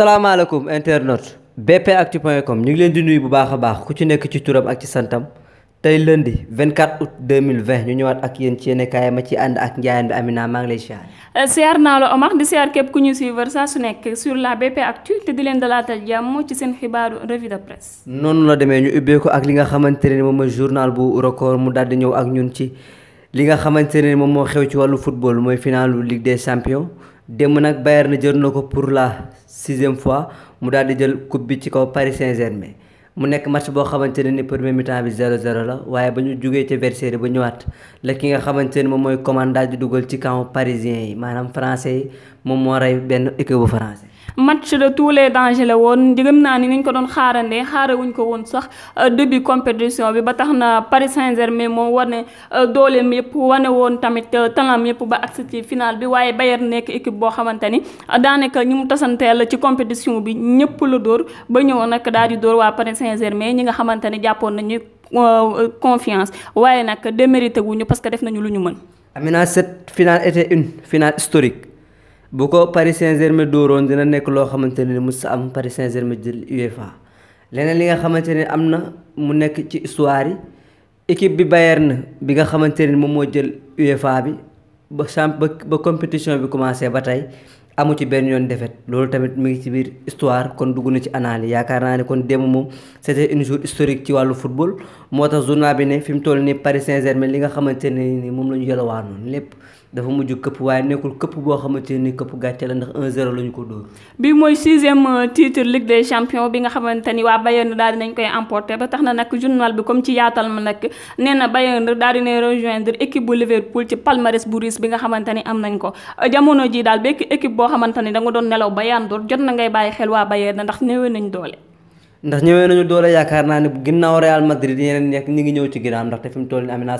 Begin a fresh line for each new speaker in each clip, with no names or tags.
salaamaaleykum internautes bpactu.com ñu ngi leen di nuyu bu baax a baax ku ci nekk ci turam ak ci santam tey lundi 24 août 2020 ñu ñëwaat ak yéen ci yéen kaay ma ci ànd ak njaayaan bi Amina maa ngi lay
euh, naa la Omar di siyaar képp ku ñu suivre saa su nekk sur la BP Actu te di leen dalaatal jàmm ci seen xibaaru revue de presse. noonu
la demee ñu ubbee ak li nga xamante ne moom mooy journal bu record mu daal di ñëw ak ñun ci li nga xamante ne moom moo xew ci wàllu football mooy finalu Ligue des champions. démb nag na jël na ko pour la sixième fois mu daal di jël coupe bi ci kaw Paris Saint-Germain mu nekk match boo xamante ne ni premier mi-temps bi 0-0 la waaye ba ñu jugee ci Versailles ba ñëwaat la ki nga xamante ne moom mooy Coman daal di dugal ci camp parisien yi maanaam français yi moom moo rey benn équipe bu français.
match de tous les dangers la woon gëm naa ni niñ ko doon xaarandee xaarawuñ ko woon sax euh, début compétition bi ba tax na Paris Saint-Germain moom wane euh, dooleem yëpp wane woon tamit euh, talent yëpp ba agsi ci bi waaye Bayern nekk équipe boo xamante ni daanaka ñu mu tasanteel ci compétition bi ñëpp la dóor ba ñëw nag daal di dóor waa Paris Saint-Germain ñi nga xamante ni jàppoon nañu confiance waaye nag démérité wuñu parce que def nañu lu ñu mën.
Amina cette finale était une bu ko Paris Saint-Germain dóoroon dina nekk loo xamante ne mu sa am Paris Saint-Germain jël UEFA leneen li nga xamante ne am na mu nekk ci histoire yi équipe bi na bi nga xamante ni moom moo jël UEFA bi ba champ ba compétition bi commencé ba tey amu ci benn yoon défaite loolu tamit mu ngi ci biir histoire kon dugg na ci analyse yaakaar naa ne kon démb moom c'était une jour historique ci wàllu football moo tax journal bi ne fi mu toll nii Paris Saint-Germain li nga xamante ne ni moom la ñu yelawaanoon lépp. dafa mujj këpp waaye nekkul këpp boo xamante ni këpp gàcce la ndax 1-0 la ñu ko dóor.
bi mooy sixième euh, titre Ligue des champions bi nga xamante ni waa Bayern daal dinañ koy emporter ba tax na nag journal bi comme ci yaatal ma nag nee na Bayern daal dina rejoindre équipe bu Liverpool ci palmarès bu riis bi nga xamante ni am nañ ko jamono ji daal bekk équipe boo xamante ni da nga doon nelaw ba yaan door jot na ngay bàyyi xel waa Bayern ndax néewee nañ doole.
ndax ñëwee nañu doole yaakaar naa ne ginnaaw Real nekk ñu ngi ñëw ci ginnaaw ndaxte fi mu toll am naa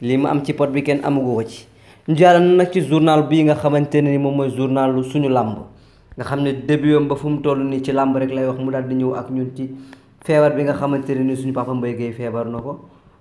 li ma am ci pot bi kenn amagu ko ci ñu nag ci journal bii nga xamante ne ni moom mooy journalu suñu làmb nga xam ne début yam ba fu mu toll nii ci làmb rek lay wax mu daal di ñëw ak ñun ci feebar bi nga xamante ne ni suñu papa Mbaye Guèye feebar na ko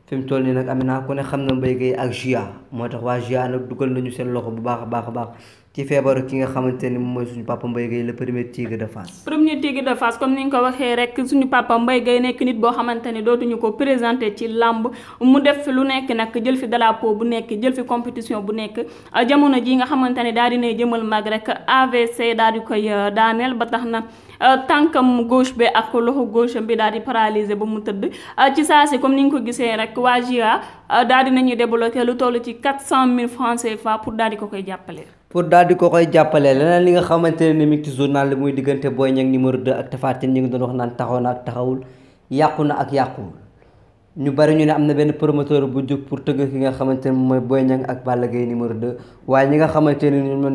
fi mu toll nii nag am naa ko ne xam na Mbaye Guèye ak GIA moo tax waa GIA nag dugal nañu seen loxo bu baax a baax a baax ci feebaru ki nga xamante ni mooy suñu papa Mbaye Gueye le premier Tigre de Fass.
premier Tigre de Fass comme ni nga ko waxee rek suñu papa Mbaye Gueye nekk nit boo xamante ni dootuñu ko présenté ci làmb mu def lu nekk nag jël fi drapeau bu nekk jël fi compétition bu nekk ah, jamono ji nga xamante ne daal dinay jëmal mag rek AVC daal di koy ah, daaneel ba tax na ah, tànkam gauche bi ak loxo gauche bi daal di paralysé ba mu tëdd ci saa si comme ni nga ko gisee rek waa GIA daal dinañuy débloqué lu toll ci 400 000 francs CFA pour daal di ko koy jàppale.
pour daal di ko koy jàppale leneen li nga xamante ne mi ngi ci journal li muy diggante Boy Niang numéro 2 ak Tapha Tine ñu ngi doon wax naan taxaw na ak taxawul yàqu na ak yàquwul ñu bari ñu ne am na benn promoteur bu jóg pour tëgg ki nga xamante ne mooy Boy Niang ak Balla Gaye numéro 2 waaye ñi nga xamante ne ñoom ñoo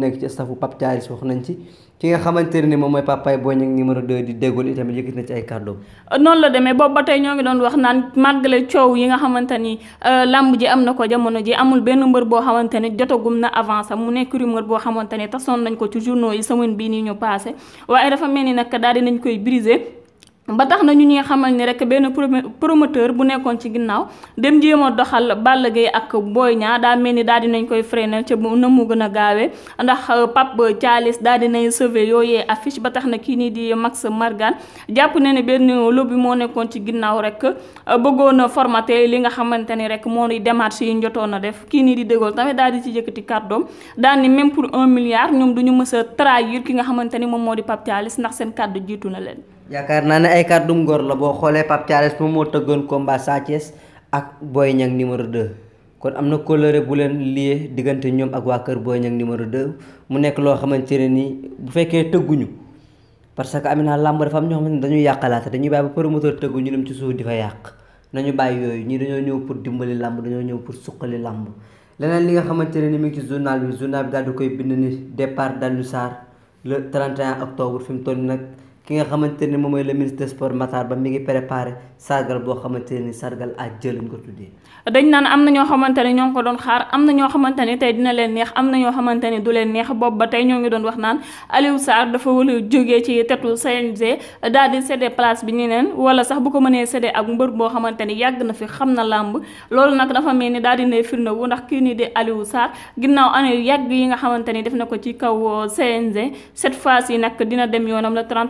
ni moom mooy papaay Boy Niang numéro di déggul itamit yëkkati na ci ay kàddoom.
Euh, noonu la demee boobu tey ñoo ngi doon wax naan màggale coow yi nga xamante euh, làmb ji am na ko jamono ji amul benn mbër boo xamante ni jotagum na avance mu nekk rumeur boo xamante ni tasoon nañ ko ci journaux yi semaine bii nii ñu passé waaye dafa mel ni nag daal di nañ ba tax na ñu ñuy xamal ni rek benn promoteur bu nekkoon ci ginnaaw dem jéema a doxal Balla Gaye ak Boy ñaar daa mel ni daal dinañ koy freiné ca na mu gën a gaawee ndax euh, Pape Thialis daal dinay sauvé yooyee affiche ba tax na kii nii di mag Max Margan jàpp na ne benn lobby moo nekkoon ci ginnaaw rek euh, bëggoon a formaté li nga xamante ni rek moo di démarche yi njotoon a def kii nii di dëggool tamit daal di ci yëkkati kàddoom daal ni même pour un milliard ñoom du ñu mës a trahir ki nga xamante ni moom moo di Pape Thialis ndax seen kàddu jiitu na leen
yaakaar naa ne ay kàddum ngor la boo xoolee Pape Thialis moom moo tëggoon combat Sa Thiès ak Boy Niang numéro 2 kon am na colère bu leen lié diggante ñoom ak waa kër Boy Niang numéro 2 mu nekk loo xamante ne nii bu fekkee tëgguñu parce que Amina làmb dafa am ñoo xamante ne dañuy yàqalaate dañuy bàyyi ba promoteur tëggu ñu dem ci suuf di fa yàq nañu bàyyi yooyu ñii dañoo ñëw pour dimbali làmb dañoo ñëw pour suqali làmb leneen li nga xamante ne ni mi ngi ci journal bi daal di koy bind ni départ d'Alioune Sarr le 31 octobre fi mu toll nag ki nga xamante ne moom mooy le ministre des Ba mi ngi préparé sargal boo xamante sargal aj jëlañ ko tuddee
dañ naan am na ñoo xamante ñoo ko doon xaar am na ñoo xamante tey dina leen neex am na ñoo xamante du leen neex boobu ba tey ñoo ngi doon wax naan Aliou Sarr dafa wala jógee ci tetu CNG daal di cédé place bi ñeneen wala sax bu ko mënee cédé ak mbër boo xamante yàgg na fi xam na làmb loolu nag dafa mel ni daal dina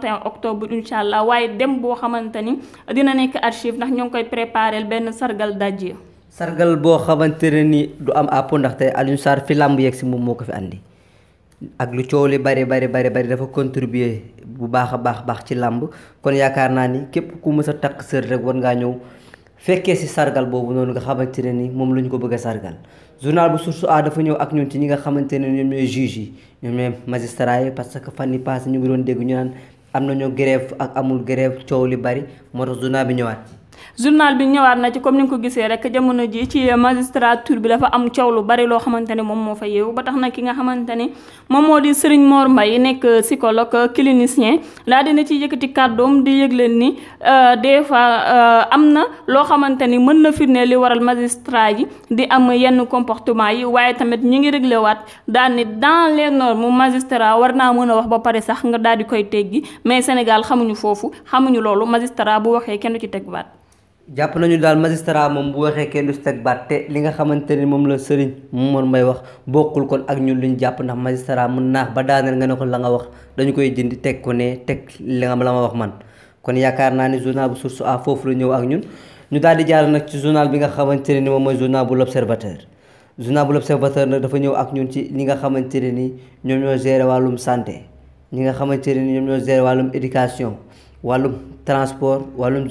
dem octobre incha allah waaye dem boo xamante ni dina nekk archive ndax ñoo ngi koy préparé benn sargal dajji
sargal boo xamante ne ni du am àpp ndaxte Alioune Sarr fi làmb yegg si moom moo ko fi andi ak lu coow li bari bari bari bari dafa contribuer bu baax a baax baax ci làmb kon yaakaar naa ni képp ku mës a takk sër rek war ngaa ñëw fekkee si sargal boobu noonu nga xamante ne ni moom lañu ko bëgg sargal journal bu Source A dafa ñëw ak ñun ci ñi nga xamante ne ñoom ñooy juge yi que fan yi ñu ngi doon dégg ñu am nañu grève ak amul grève coow li bari moo tax journal bi ñëwaat
journal bi ñëwaat na ci comme ni nga ko gisee rek jamono ji ci magistrature bi dafa am coow lu bari loo xamante ne moom moo fa yeewu ba tax na ki nga xamante ne moom moo di Serigne Mor yi nekk psychologue clinicien laa dina ci yëkkati kàddoom di yëg leen ni euh, des fois euh, am na loo xamante ni mën na firnde li waral magistrat yi di am yenn comportement yi waaye tamit ñi ngi réglé waat daani ni dans les normes magistrat war naa mën a wax ba pare sax nga daal di koy teggi mais Sénégal xamuñu foofu xamuñu loolu magistrat bu waxee kenn ci teg
jàpp nañu daal magistrat moom bu waxee kenn du si teg baat te li nga xamante ni moom la sëriñ Momar may wax bokkul kon ak ñun luñ jàpp ndax magistrat mun naax ba daaneel nga ne ko la nga wax dañu koy dindi teg ko ne teg li nga la ma wax man kon yaakaar naa ne journal bu Source A foofu la ñëw ak ñun ñu daal di jaar nag ci journal bi nga xamante ne ni moom mooy journal bu l'Observateur journal bu l'Observateur nag dafa ñëw ak ñun ci ñi nga xamante ne ni ñoom ñoo gérer wàllum santé ñi nga xamante ne ni ñoom ñoo wàllum éducation wàllum transport wàllum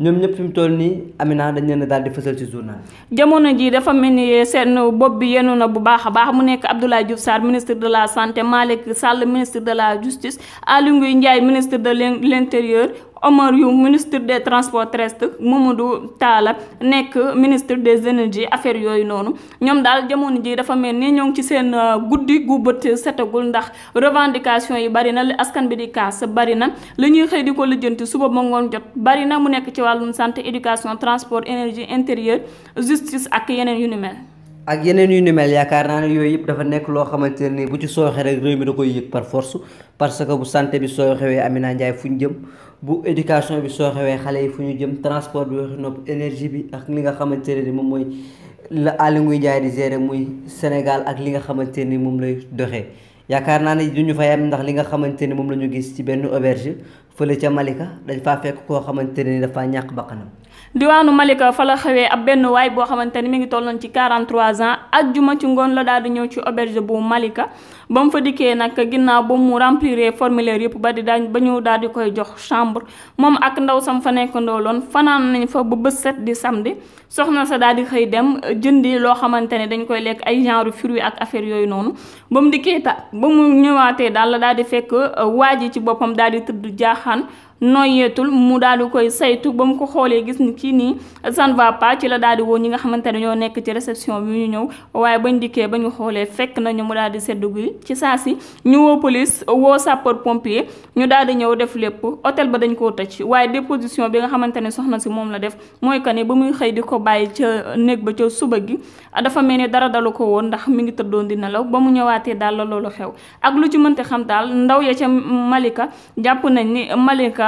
ñoom ñëpp fi mu toll nii Amina dañ leen daal di fësal ci journal
jamono jii dafa mel ni seen bopp bi yenu na bu baax a baax mu nekk Abdoulaye Diouf Sarr ministre de la santé Malick Sall ministre de la justice Aly Ngouille Ndiaye ministre de l'intérieur Omar Youm ministre des transports terrestres Mamadou Talla nekk ministre des énergies affaires yooyu noonu ñoom daal jamono ji dafa mel ni ñoo ngi ci seen euh, guddi gu bët setagul ndax revendication yi bari na li askan bi di kaas bari na li ñuy xëy di ko lijjanti suba ba ngoon jot bari na mu nekk ci wàllum santé éducation transport énergie intérieur justice ak yeneen yu ni mel
ak yeneen yu ni mel yaakaar naa ne yooyu yëpp dafa nekk loo xamante ne bu ci sooxee rek réew mi da koy yëg par force parce que bu santé bi soo xewee Amina Ndiaye fu ñu jëm bu éducation bi soo xewee xale yi fu ñu jëm transport bi waxi nopp énergie bi ak li nga xamante ne ni moom mooy la Aly Ngouille Ndiaye di gérer muy Sénégal ak li nga xamante ni moom lay doxee yaakaar naa ne du ñu fa ndax li nga xamante ni moom la ñu gis ci benn auberge fële ca Malika dañ faa fekk koo xamante ne dafa ñàkk bakkanam
diwaanu Malika fa la xewee ab benn waay boo xamante ni ngi tolloon ci 43 ans ajjuma ci ngoon la daal di ñëw ci auberge bu Malika ba mu fa dikkee nag ginnaaw ba mu remplir formulaire yëpp ba di daañ ba ñu daal di koy jox chambre moom ak ndaw sam fa nekkandoo loon fanaan nañ fa ba bës set di samedi soxna sa daal di xëy dem jëndi loo xamante ne dañ koy lekk ay genre fruits ak affaire yooyu noonu ba mu di fekk waa ji ci boppam daal di tëdd jaax Khan noyeetul mu daal di koy saytu ba mu ko xoolee gis ni kii nii ça ne va pas ci la daal di woo ñi nga xamante ne ñoo nekk ci réception bi ñu ñëw waaye bañ dikkee ba ñu xoolee fekk nañu mu daal di sedd gi ci saa si ñu woo police woo sapeur pompier ñu daal di ñëw def lépp hôtel ba dañ koo tëj waaye déposition bi nga xamante ne soxna si moom la def mooy que ne ba muy xëy di ko bàyyi ca néeg ba ca suba gi dafa mel ni dara dalu ko woon ndax mi ngi tëddoon di nelaw ba mu ñëwaatee daal la loolu xew ak lu ci mënte xam daal ndaw ya ca Malika jàpp nañ ni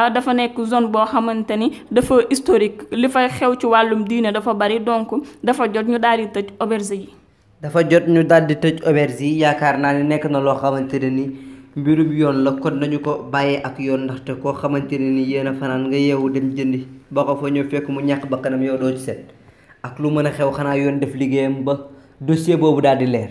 Touba dafa nekk zone boo xamante ni dafa historique li fay xew ci wàllum diine dafa bari donc dafa jot ñu daal di tëj auberge yi.
dafa jot ñu daal di tëj auberge yi yaakaar naa ne nekk na loo xamante ne ni mbirum yoon la kon nañu ko bàyyee ak yoon ndaxte koo xamante ne ni yéen a fanaan nga yeewu dem jëndi ba ko fa ñëw fekk mu ñàkk ba kanam yow doo ci set ak lu mën a xew xanaa yoon def liggéeyam ba dossier boobu daal di leer.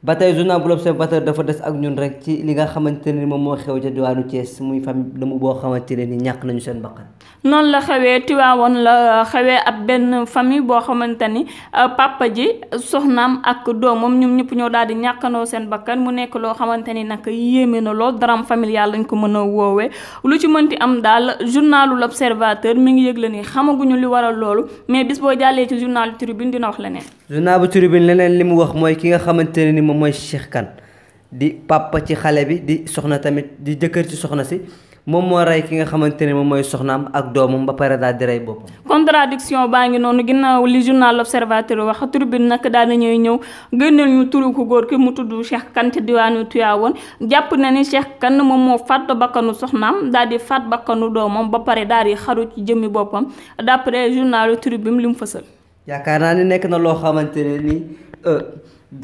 ba tey journal bu l'Observateur dafa des ak ñun rek ci li nga xamante ne moom moo xew ca diwaanu Thiès muy fam dëmm boo xamante ni ñàkk nañu seen bakkan
noonu la xewee Tiwaawoon la xewee ab benn famille boo xamante ni euh, papa ji soxnaam ak doomam ñoom ñëpp ñoo daal di ñàkkandoo seen bakkan mu nekk loo xamante ni nag yéeme na lool drame familial lañ ko mën a woowee lu ci mënti am daal journalu l'Observateur mi ngi yëg la ni xamaguñu li waral loolu mais bis boo jàllee ci journalu Tribune dina wax leneen
journal bu tribune leneen li mu wax mooy ki nga xamante ne ni moom mooy Cheikh kan di papa ci xale bi di soxna tamit di jëkkër ci soxna si moom moo rey ki nga xamante ne moom mooy soxnaam ak doomam ba pare daal di rey boppam.
contradiction baa ngi noonu ginnaaw li journal l'observateur wax tribune nag daan nañuy ñëw génneel ñu turu ko góor ki mu tudd Cheikh Kane ci diwaanu Tivaouane jàpp na ni Cheikh Kane moom moo fàtt bakkanu soxnaam daal di faat bakkanu doomam ba pare daal di xaru ci jëmmi boppam d'après journal tribune li mu fësal.
yaakaar naa ni nekk na loo xamante ne ni euh,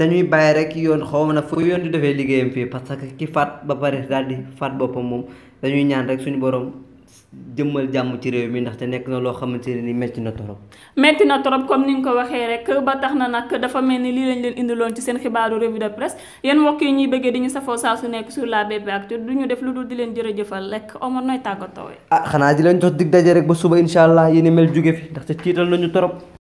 dañuy bàyyi rek yoon xaw ma na fu yoon di defee liggéeyam fii parce que ki faat ba pare daal di faat boppam moom dañuy ñaan rek suñu borom jëmmal jàmm ci réew mi ndaxte nekk na loo xamante ne ni metti na torop
metti na torop comme ni ñu ko waxee rek ba tax na nag dafa mel ni lii lañ leen indiloon ci seen xibaaru revue de presse yéen mbokk yi ñuy bëggee di ñu safoo saa su nekk sur la BP Actu du ñu def lu dul di leen jërëjëfal rek Omar nooy tàggatoo
ah xanaa di leen jox dig daje rek ba suba incha allah yéen mel jóge fi ndaxte tiital nañu torop